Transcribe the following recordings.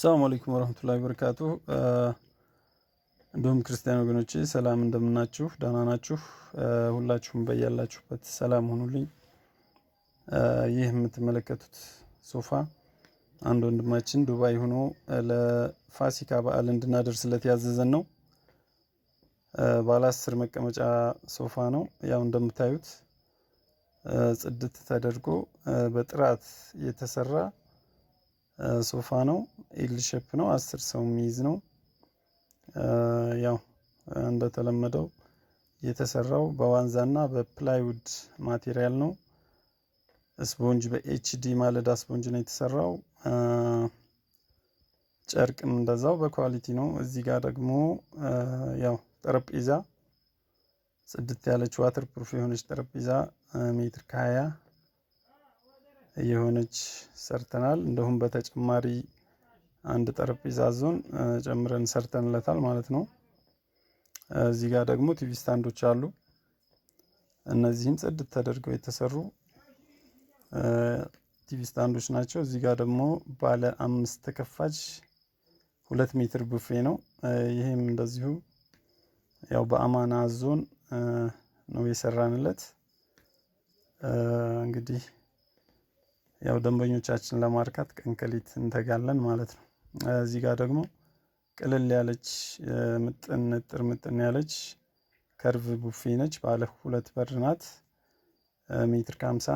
ሰላም አለይኩም ወረህመቱላሂ ወበረካቱ። እንዲሁም ክርስቲያን ወገኖች ሰላም እንደምናችሁ፣ ደህና ናችሁ? ሁላችሁም በያላችሁበት ሰላም ሆኑልኝ። ይህ የምትመለከቱት ሶፋ አንድ ወንድማችን ዱባይ ሆኖ ለፋሲካ በዓል እንድናደርስለት ያዘዘን ነው። ባለ አስር መቀመጫ ሶፋ ነው። ያው እንደምታዩት ጽድት ተደርጎ በጥራት የተሰራ ሶፋ ነው። ኤል ሼፕ ነው። አስር ሰው የሚይዝ ነው። ያው እንደተለመደው የተሰራው በዋንዛ እና በፕላይውድ ማቴሪያል ነው። ስፖንጅ በኤችዲ ማለዳ ስፖንጅ ነው የተሰራው። ጨርቅም እንደዛው በኳሊቲ ነው። እዚህ ጋር ደግሞ ያው ጠረጴዛ ጽድት ያለች ዋተር ፕሩፍ የሆነች ጠረጴዛ ሜትር ከሀያ የሆነች ሰርተናል። እንደሁም በተጨማሪ አንድ ጠረጴዛ ዞን ጨምረን ሰርተንለታል ማለት ነው። እዚህ ጋር ደግሞ ቲቪ ስታንዶች አሉ። እነዚህም ጽድት ተደርገው የተሰሩ ቲቪ ስታንዶች ናቸው። እዚህ ጋር ደግሞ ባለ አምስት ተከፋች ሁለት ሜትር ቡፌ ነው። ይህም እንደዚሁ ያው በአማና ዞን ነው የሰራንለት እንግዲህ ያው ደንበኞቻችን ለማርካት ቀንከሊት እንተጋለን ማለት ነው። እዚህ ጋር ደግሞ ቅልል ያለች ምጥን ንጥር ምጥን ያለች ከርቭ ቡፌ ነች። ባለ ሁለት በር ናት። ሜትር ከሀምሳ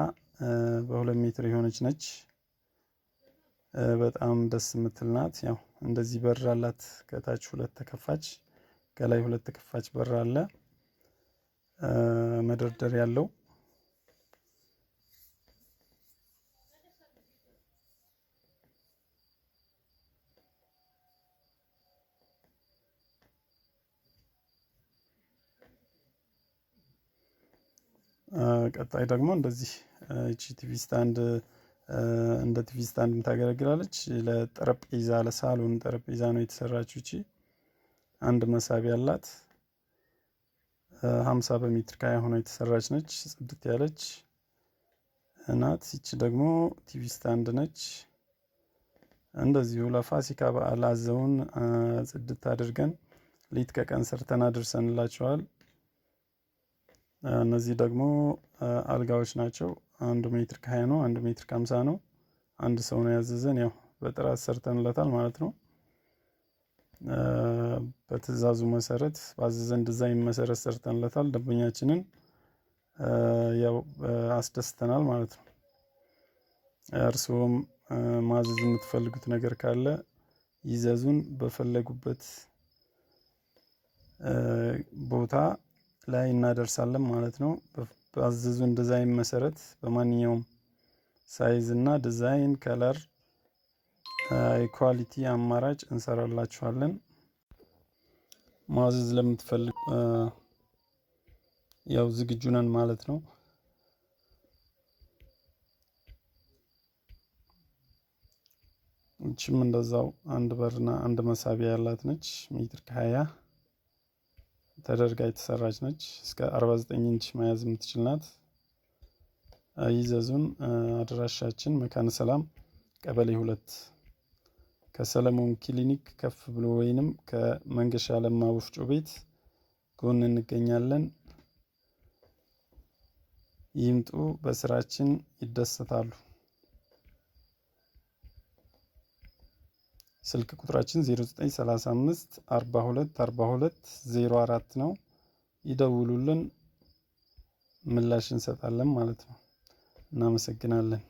በሁለት ሜትር የሆነች ነች። በጣም ደስ የምትል ናት። ያው እንደዚህ በር አላት። ከታች ሁለት ተከፋች፣ ከላይ ሁለት ተከፋች በር አለ መደርደር ያለው ቀጣይ ደግሞ እንደዚህ እቺ ቲቪ ስታንድ እንደ ቲቪ ስታንድ ታገለግላለች። ለጠረጴዛ ለሳሎን ጠረጴዛ ነው የተሰራችው። እቺ አንድ መሳቢያ አላት። ሀምሳ በሜትር ካያ ሆና የተሰራች ነች። ጽድት ያለች እናት። ይቺ ደግሞ ቲቪ ስታንድ ነች። እንደዚሁ ለፋሲካ በዓል አዘውን ጽድት አድርገን ሊት ከቀን ሰርተን አድርሰንላቸዋል። እነዚህ ደግሞ አልጋዎች ናቸው። አንድ ሜትር ከሀያ ነው። አንድ ሜትር ከሀምሳ ነው። አንድ ሰው ነው ያዘዘን። ያው በጥራት ሰርተንለታል ማለት ነው። በትዕዛዙ መሰረት ባዘዘን ዲዛይን መሰረት ሰርተንለታል። ደንበኛችንን ያው አስደስተናል ማለት ነው። እርስዎም ማዘዝ የምትፈልጉት ነገር ካለ ይዘዙን። በፈለጉበት ቦታ ላይ እናደርሳለን ማለት ነው። በአዘዙን ዲዛይን መሰረት በማንኛውም ሳይዝ እና ዲዛይን ከለር ኳሊቲ አማራጭ እንሰራላችኋለን። ማዘዝ ለምትፈልግ ያው ዝግጁ ነን ማለት ነው። እችም እንደዛው አንድ በርና አንድ መሳቢያ ያላት ነች ሜትር ከሀያ ተደርጋ የተሰራች ነች። እስከ 49 ኢንች መያዝ የምትችል ናት። ይዘዙን። አድራሻችን መካነ ሰላም ቀበሌ ሁለት ከሰለሞን ክሊኒክ ከፍ ብሎ ወይንም ከመንገሻ ለማ ወፍጮ ቤት ጎን እንገኛለን። ይምጡ፣ በስራችን ይደሰታሉ። ስልክ ቁጥራችን 0935 42 42 04 ነው። ይደውሉልን፣ ምላሽ እንሰጣለን ማለት ነው። እናመሰግናለን።